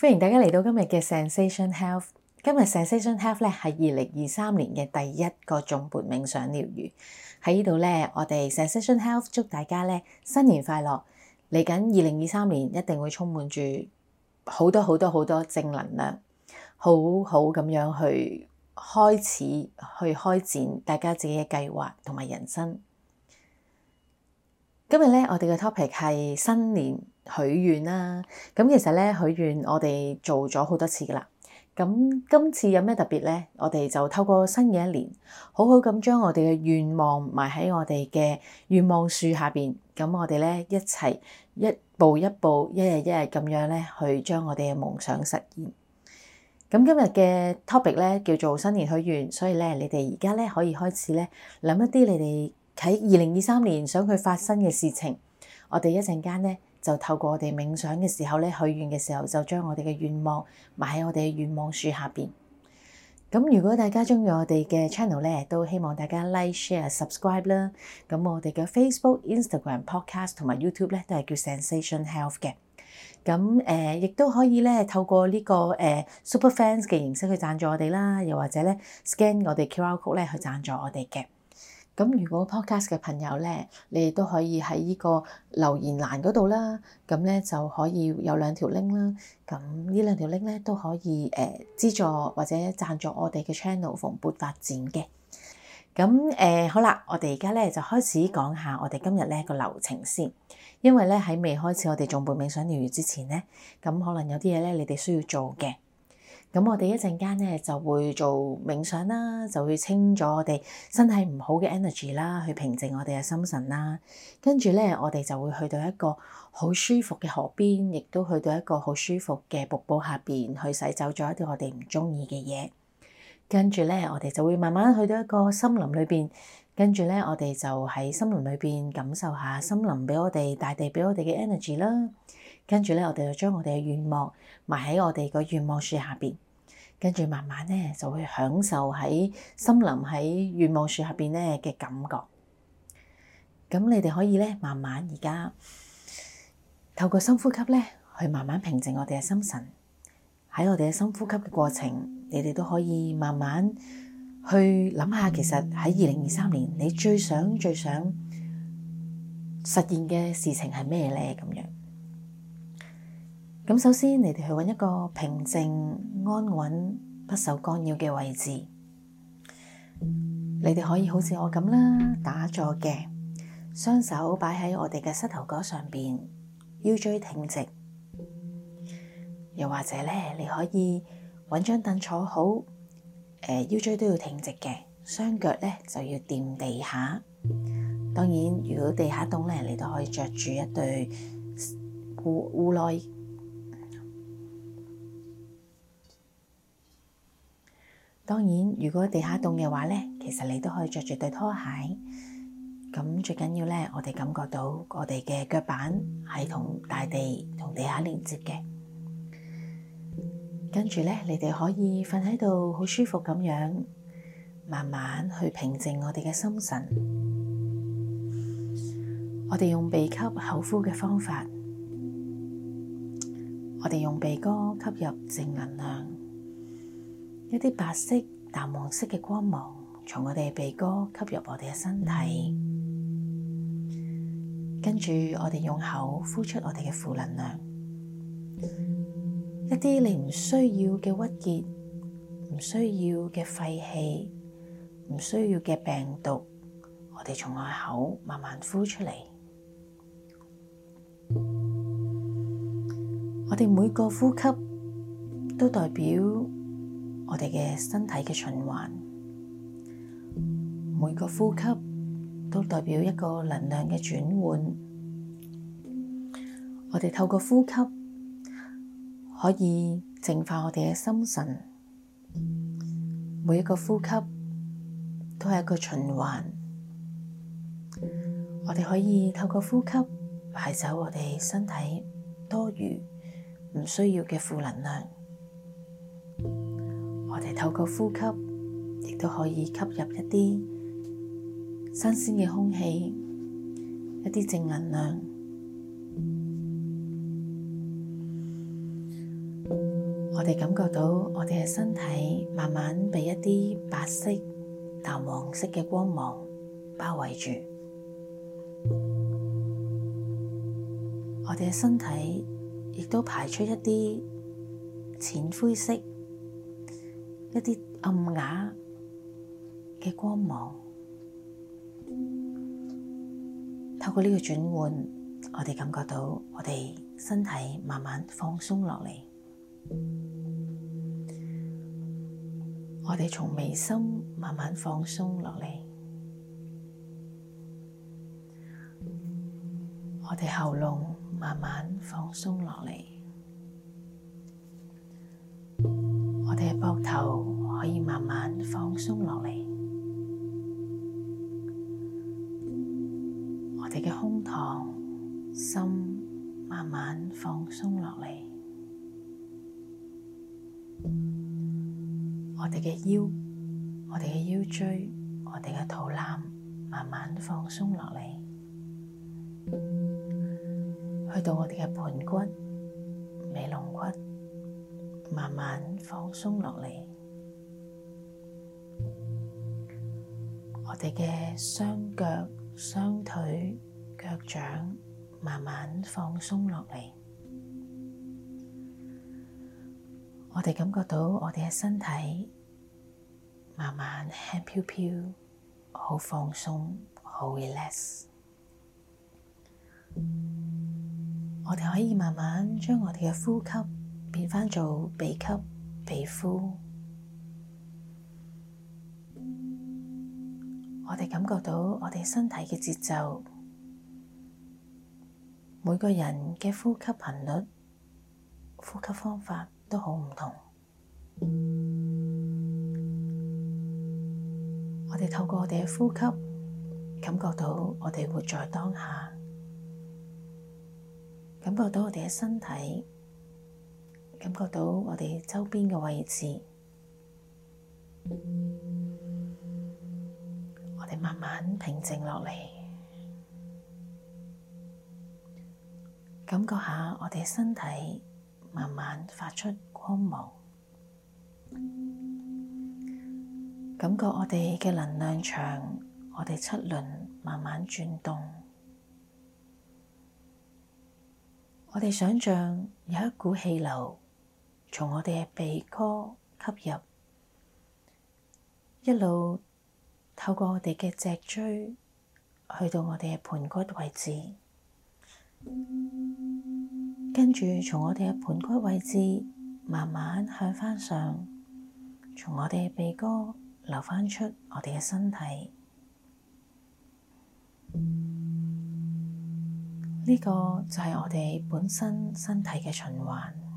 歡迎大家嚟到今日嘅 Zensation Health。今日 Zensation Health 咧係二零二三年嘅第一個頌缽冥想療癒。喺呢度咧，我哋 Zensation Health 祝大家咧新年快樂。嚟緊二零二三年，一定會充滿住好多好多好多正能量，好好咁樣去開始去開展大家自己嘅計劃同埋人生。今日咧，我哋嘅 topic 係新年。許願啦，咁其實咧許願我哋做咗好多次噶啦，咁今次有咩特別咧？我哋就透過新嘅一年，好好咁將我哋嘅願望埋喺我哋嘅願望樹下邊，咁我哋咧一齊一步一步、一日一日咁樣咧去將我哋嘅夢想實現。咁今日嘅 topic 咧叫做新年許願，所以咧你哋而家咧可以開始咧諗一啲你哋喺二零二三年想佢發生嘅事情，我哋一陣間咧。就透過我哋冥想嘅時候咧，許願嘅時候就將我哋嘅願望埋喺我哋嘅願望樹下邊。咁如果大家鍾意我哋嘅 channel 咧，都希望大家 like share、share、subscribe 啦。咁我哋嘅 Facebook、Instagram、Podcast 同埋 YouTube 咧都係叫 Zensation Health 嘅。咁誒，亦都可以咧透過呢、呢個誒、呃、Superfans 嘅形式去贊助我哋啦，又或者咧 scan 我哋 QR code 咧去贊助我哋嘅。咁如果 podcast 嘅朋友咧，你哋都可以喺呢個留言欄嗰度啦。咁咧就可以有兩條 link 啦。咁呢兩條 link 咧都可以誒資、呃、助或者贊助我哋嘅 channel 蓬勃發展嘅。咁誒、呃、好啦，我哋而家咧就開始講下我哋今日呢個流程先，因為咧喺未開始我哋頌缽冥想療癒之前咧，咁可能有啲嘢咧你哋需要做嘅。咁我哋一陣間咧就會做冥想啦，就會清咗我哋身體唔好嘅 energy 啦，去平靜我哋嘅心神啦。跟住咧，我哋就會去到一個好舒服嘅河邊，亦都去到一個好舒服嘅瀑布下邊，去洗走咗一啲我哋唔中意嘅嘢。跟住咧，我哋就會慢慢去到一個森林裏邊。跟住咧，我哋就喺森林裏邊感受下森林俾我哋、大地俾我哋嘅 energy 啦。跟住咧，我哋就將我哋嘅願望埋喺我哋個願望樹下邊。跟住慢慢咧，就會享受喺森林、喺願望樹下邊咧嘅感覺。咁你哋可以咧，慢慢而家透過深呼吸咧，去慢慢平靜我哋嘅心神。喺我哋嘅深呼吸嘅過程，你哋都可以慢慢去諗下，其實喺二零二三年，你最想、最想實現嘅事情係咩咧？咁樣。咁首先，你哋去搵一個平靜、安穩、不受干擾嘅位置。你哋可以好似我咁啦，打坐嘅，雙手擺喺我哋嘅膝頭哥上面，腰椎挺直。又或者咧，你可以搵張凳坐好，呃，腰椎都要挺直嘅，雙腳咧就要掂地下。當然，如果地下凍咧，你就可以着住一對護護內。當然，如果地下凍嘅話呢，其實你都可以著住對拖鞋。咁最緊要呢，我哋感覺到我哋嘅腳板係同大地同地下連接嘅。跟住呢，你哋可以瞓喺度好舒服咁樣，慢慢去平靜我哋嘅心神。我哋用鼻吸口呼嘅方法，我哋用鼻哥吸入正能量。一啲白色、淡黃色嘅光芒從我哋鼻哥吸入我哋嘅身體，跟住我哋用口呼出我哋嘅負能量，一啲你唔需要嘅鬱結、唔需要嘅廢氣、唔需要嘅病毒，我哋從我口慢慢呼出嚟。我哋每個呼吸都代表。我哋嘅身體嘅循環，每個呼吸都代表一個能量嘅轉換。我哋透過呼吸可以淨化我哋嘅心神。每一個呼吸都係一個循環。我哋可以透過呼吸排走我哋身體多餘唔需要嘅負能量。我哋透過呼吸，亦都可以吸入一啲新鮮嘅空氣，一啲正能量。我哋感覺到我哋嘅身體慢慢被一啲白色、淡黃色嘅光芒包圍住。我哋嘅身體亦都排出一啲淺灰色。一啲暗啞嘅光芒，透過呢個轉換，我哋感覺到我哋身體慢慢放鬆落嚟，我哋從眉心慢慢放鬆落嚟，我哋喉嚨慢慢放鬆落嚟。我哋嘅膊頭可以慢慢放鬆落嚟，我哋嘅胸膛心慢慢放鬆落嚟，我哋嘅腰，我哋嘅腰椎，我哋嘅肚腩慢慢放鬆落嚟，去到我哋嘅盤骨、尾龍骨。慢慢放鬆落嚟，我哋嘅雙腳、雙腿、腳掌慢慢放鬆落嚟。我哋感覺到我哋嘅身體慢慢輕飄飄，好放鬆，好 relax。我哋可以慢慢將我哋嘅呼吸。變翻做鼻吸鼻呼，我哋感覺到我哋身體嘅節奏，每個人嘅呼吸頻率、呼吸方法都好唔同。我哋透過我哋嘅呼吸，感覺到我哋活在當下，感覺到我哋嘅身體。感覺到我哋周邊嘅位置，我哋慢慢平靜落嚟，感覺下我哋身體慢慢發出光芒，感覺我哋嘅能量場，我哋七輪慢慢轉動，我哋想象有一股氣流。從我哋嘅鼻哥吸入，一路透過我哋嘅脊椎，去到我哋嘅盤骨位置，跟住從我哋嘅盤骨位置慢慢向翻上，從我哋嘅鼻哥流翻出我哋嘅身體。呢個就係我哋本身身體嘅循環。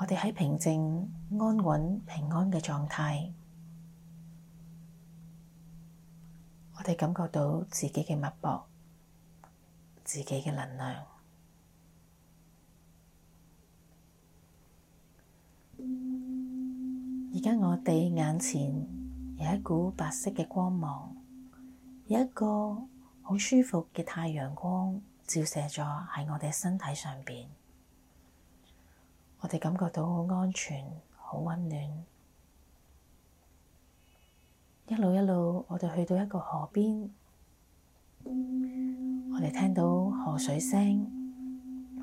我哋喺平靜、安穩、平安嘅狀態，我哋感覺到自己嘅脈搏，自己嘅能量。而家我哋眼前有一股白色嘅光芒，有一個好舒服嘅太陽光照射咗喺我哋身體上面。我哋感覺到好安全，好溫暖。一路一路，我哋去到一個河邊，我哋聽到河水聲，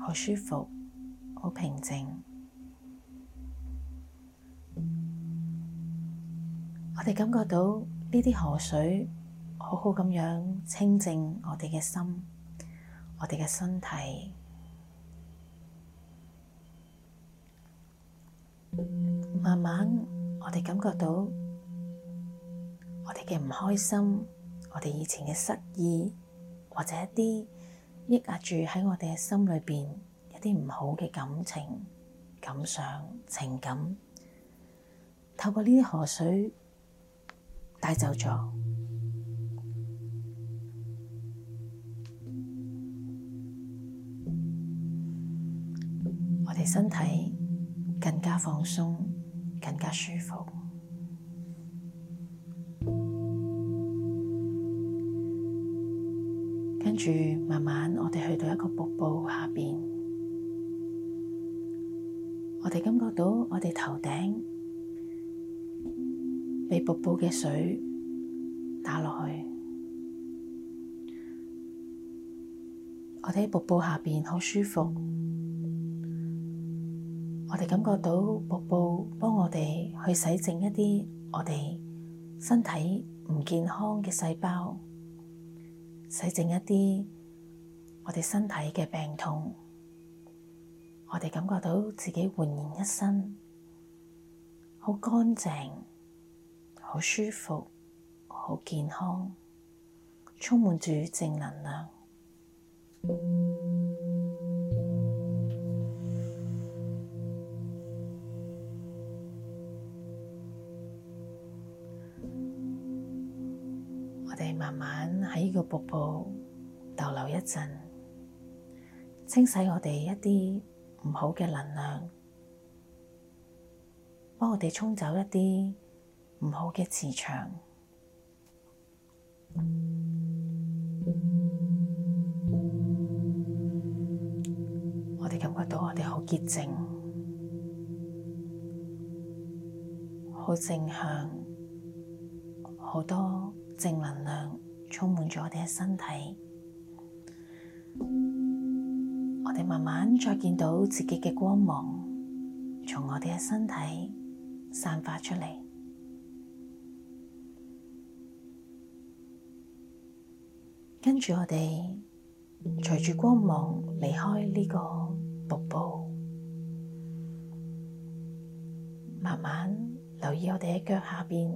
好舒服，好平靜。我哋感覺到呢啲河水好好咁樣清淨，我哋嘅心，我哋嘅身體。慢慢，我哋感覺到我哋嘅唔開心，我哋以前嘅失意，或者一啲抑壓住喺我哋嘅心裏邊一啲唔好嘅感情、感想、情感，透過呢啲河水帶走咗我哋身體。更加放鬆，更加舒服。跟住慢慢，我哋去到一個瀑布下邊，我哋感覺到我哋頭頂被瀑布嘅水打落去，我哋喺瀑布下邊好舒服。我哋感覺到瀑布幫我哋去洗淨一啲我哋身體唔健康嘅細胞，洗淨一啲我哋身體嘅病痛。我哋感覺到自己煥然一新，好乾淨，好舒服，好健康，充滿住正能量。晚喺呢個瀑布逗留一陣，清洗我哋一啲唔好嘅能量，幫我哋沖走一啲唔好嘅磁場。我哋感覺到我哋好潔淨，好正向，好多正能量。充滿咗我哋嘅身體，我哋慢慢再見到自己嘅光芒從我哋嘅身體散發出嚟，跟住我哋隨住光芒離開呢個瀑布，慢慢留意我哋喺腳下邊，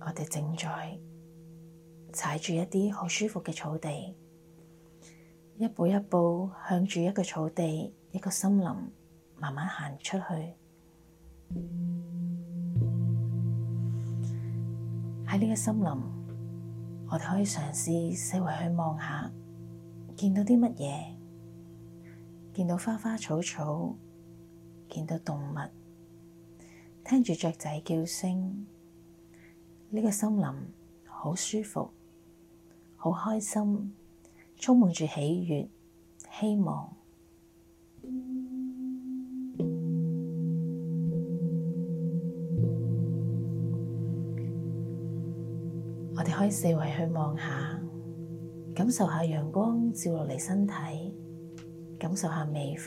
我哋正在。踩住一啲好舒服嘅草地，一步一步向住一個草地、一個森林慢慢行出去。喺呢個森林，我哋可以嘗試四圍去望下，見到啲乜嘢？見到花花草草，見到動物，聽住雀仔叫聲。呢、這個森林好舒服。好開心，充滿住喜悦、希望。我哋可以四圍去望下，感受下陽光照落嚟身體，感受下微風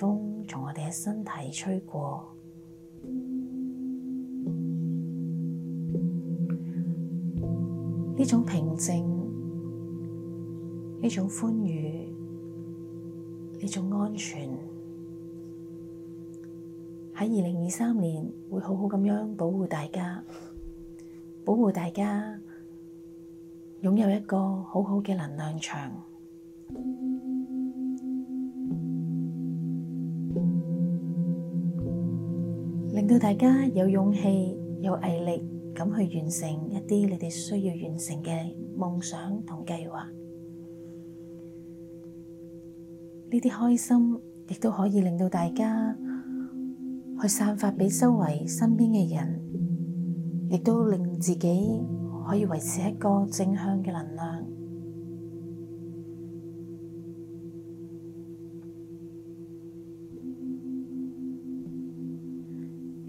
從我哋嘅身體吹過，呢種平靜。呢種歡愉，呢種安全，喺二零二三年會好好咁樣保護大家，保護大家擁有一個好好嘅能量場，令到大家有勇氣、有毅力咁去完成一啲你哋需要完成嘅夢想同計劃。呢啲開心亦都可以令到大家去散發畀周圍身邊嘅人，亦都令自己可以維持一個正向嘅能量。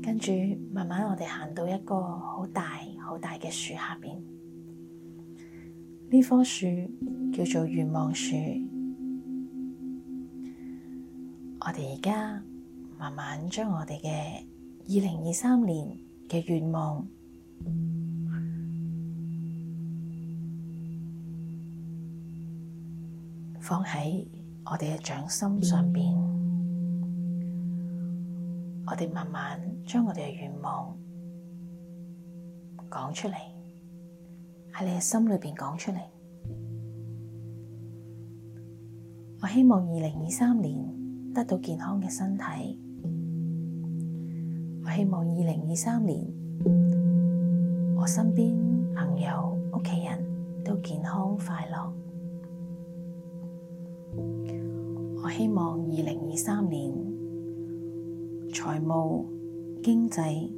跟住慢慢我哋行到一個好大好大嘅樹下邊，呢棵樹叫做願望樹。我哋而家慢慢將我哋嘅二零二三年嘅願望放喺我哋嘅掌心上邊，我哋慢慢將我哋嘅願望講出嚟，喺你嘅心裏邊講出嚟。我希望二零二三年。得到健康嘅身體，我希望二零二三年我身邊朋友、屋企人都健康快樂。我希望二零二三年財務經濟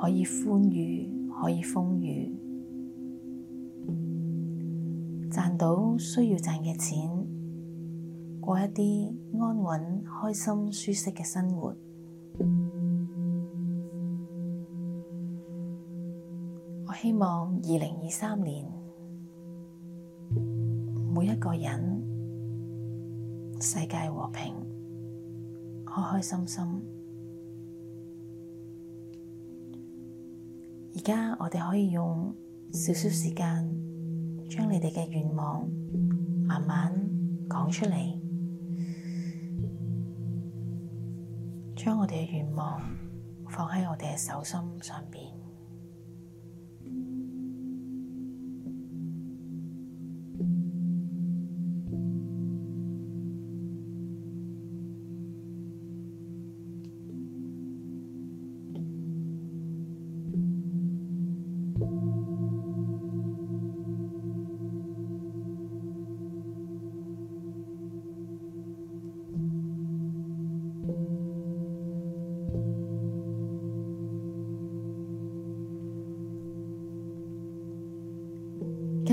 可以寬裕，可以豐裕，賺到需要賺嘅錢。過一啲安穩、開心、舒適嘅生活。我希望二零二三年，每一個人世界和平、開開心心。而家我哋可以用少少時間，將你哋嘅願望慢慢講出嚟。將我哋嘅願望放喺我哋嘅手心上邊。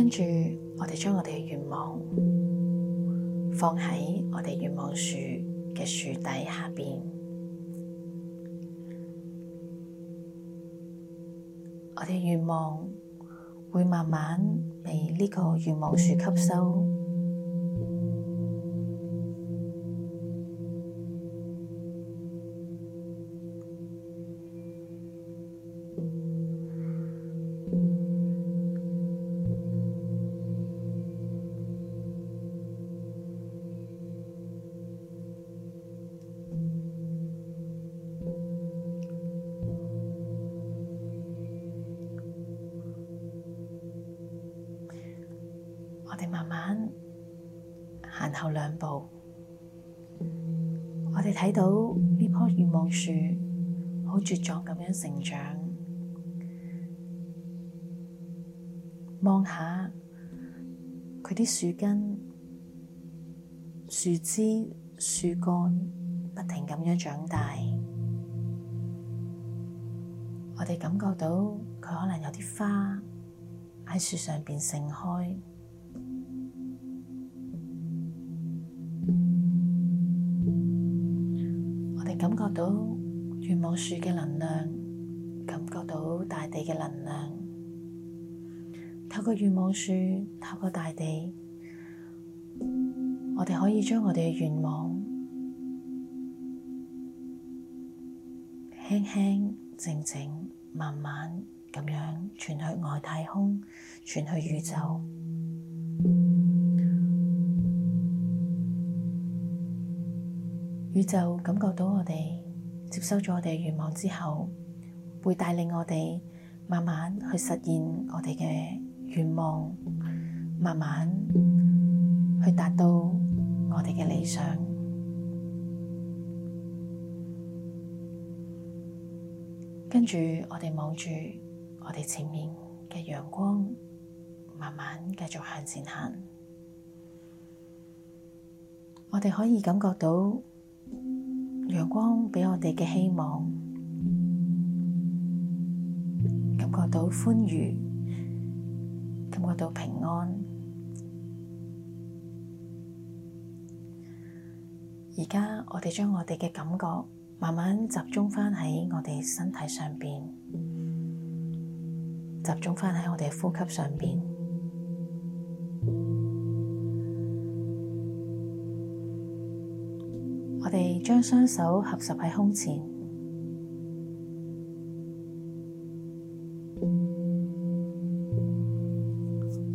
跟住，我哋將我哋嘅願望放喺我哋願望樹嘅樹底下邊，我哋願望會慢慢被呢個願望樹吸收。後兩步，我哋睇到呢棵願望樹好茁壯咁樣成長，望下佢啲樹根、樹枝、樹幹，不停咁樣長大。我哋感覺到佢可能有啲花喺樹上邊盛開。感覺到願望樹嘅能量，感覺到大地嘅能量，透過願望樹，透過大地，我哋可以將我哋嘅願望輕輕、靜靜、慢慢咁樣傳去外太空，傳去宇宙。宇宙感覺到我哋接收咗我哋嘅願望之後，會帶領我哋慢慢去實現我哋嘅願望，慢慢去達到我哋嘅理想。跟住我哋望住我哋前面嘅陽光，慢慢繼續向前行。我哋可以感覺到。陽光畀我哋嘅希望，感覺到歡愉，感覺到平安。而家我哋將我哋嘅感覺慢慢集中返喺我哋身體上邊，集中返喺我哋呼吸上邊。將雙手合十喺胸前，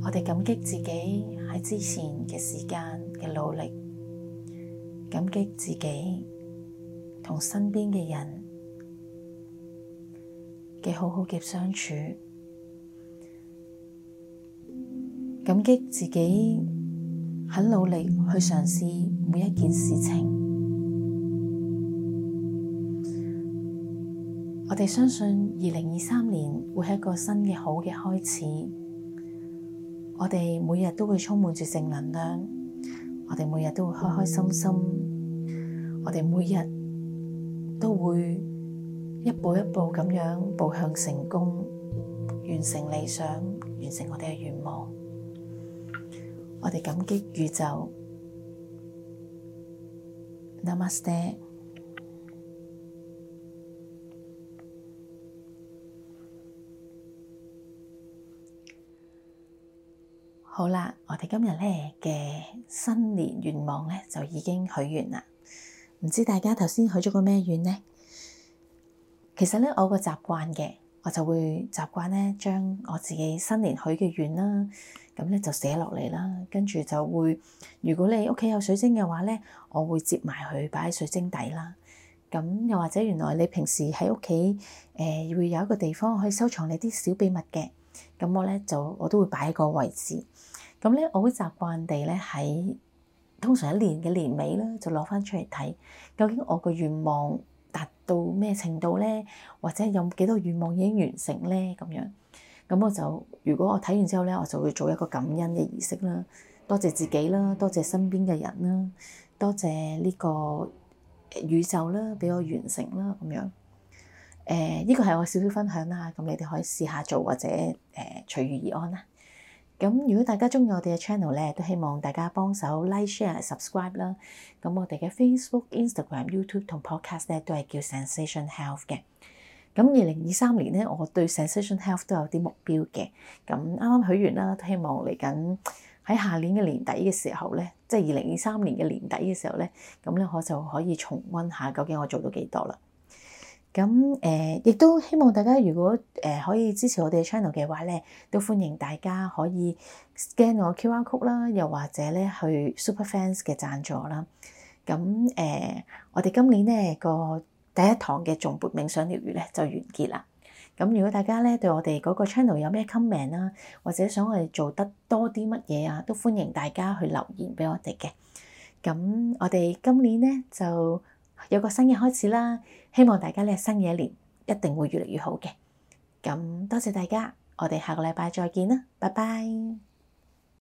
我哋感激自己喺之前嘅時間嘅努力，感激自己同身邊嘅人嘅好好嘅相處，感激自己肯努力去嘗試每一件事情。我哋相信二零二三年會係一個新嘅好嘅開始。我哋每日都會充滿住正能量，我哋每日都會開開心心，我哋每日都會一步一步咁樣步向成功，完成理想，完成我哋嘅願望。我哋感激宇宙。Namaste。好啦，我哋今日咧嘅新年願望咧就已經許完啦。唔知大家頭先許咗個咩願咧？其實咧，我個習慣嘅，我就會習慣咧，將我自己新年許嘅願啦，咁咧就寫落嚟啦，跟住就會，如果你屋企有水晶嘅話咧，我會接埋佢擺喺水晶底啦。咁又或者原來你平時喺屋企誒會有一個地方可以收藏你啲小秘密嘅。咁我咧就我都會擺喺個位置，咁咧我好習慣地咧喺通常一年嘅年尾咧就攞翻出嚟睇，究竟我個願望達到咩程度咧，或者有幾多願望已經完成咧咁樣。咁我就如果我睇完之後咧，我就會做一個感恩嘅儀式啦，多謝自己啦，多謝身邊嘅人啦，多謝呢個宇宙啦，俾我完成啦咁樣。誒，呢個係我少少分享啦，咁你哋可以試下做或者誒、呃、隨遇而安啦。咁如果大家中意我哋嘅 channel 咧，都希望大家幫手 like share、share、subscribe 啦。咁我哋嘅 Facebook、Instagram、YouTube 同 Podcast 咧都係叫 Sensation Health 嘅。咁二零二三年咧，我對 Sensation Health 都有啲目標嘅。咁啱啱許完啦，都希望嚟緊喺下年嘅年底嘅時候咧，即係二零二三年嘅年底嘅時候咧，咁咧我就可以重溫下究竟我做到幾多啦。咁誒、呃，亦都希望大家如果誒、呃、可以支持我哋 channel 嘅話，咧，都歡迎大家可以 scan 我 QR Code 啦，又或者咧去 Superfans 嘅贊助啦。咁誒、呃，我哋今年咧個第一堂嘅頌缽冥想療癒咧就完結啦。咁如果大家咧對我哋嗰個 channel 有咩 comment 啦、啊，或者想我哋做得多啲乜嘢啊，都歡迎大家去留言俾我哋嘅。咁我哋今年咧就～有個新嘅開始啦，希望大家呢新嘅一年一定會越嚟越好嘅。咁多謝大家，我哋下個禮拜再見啦，拜拜。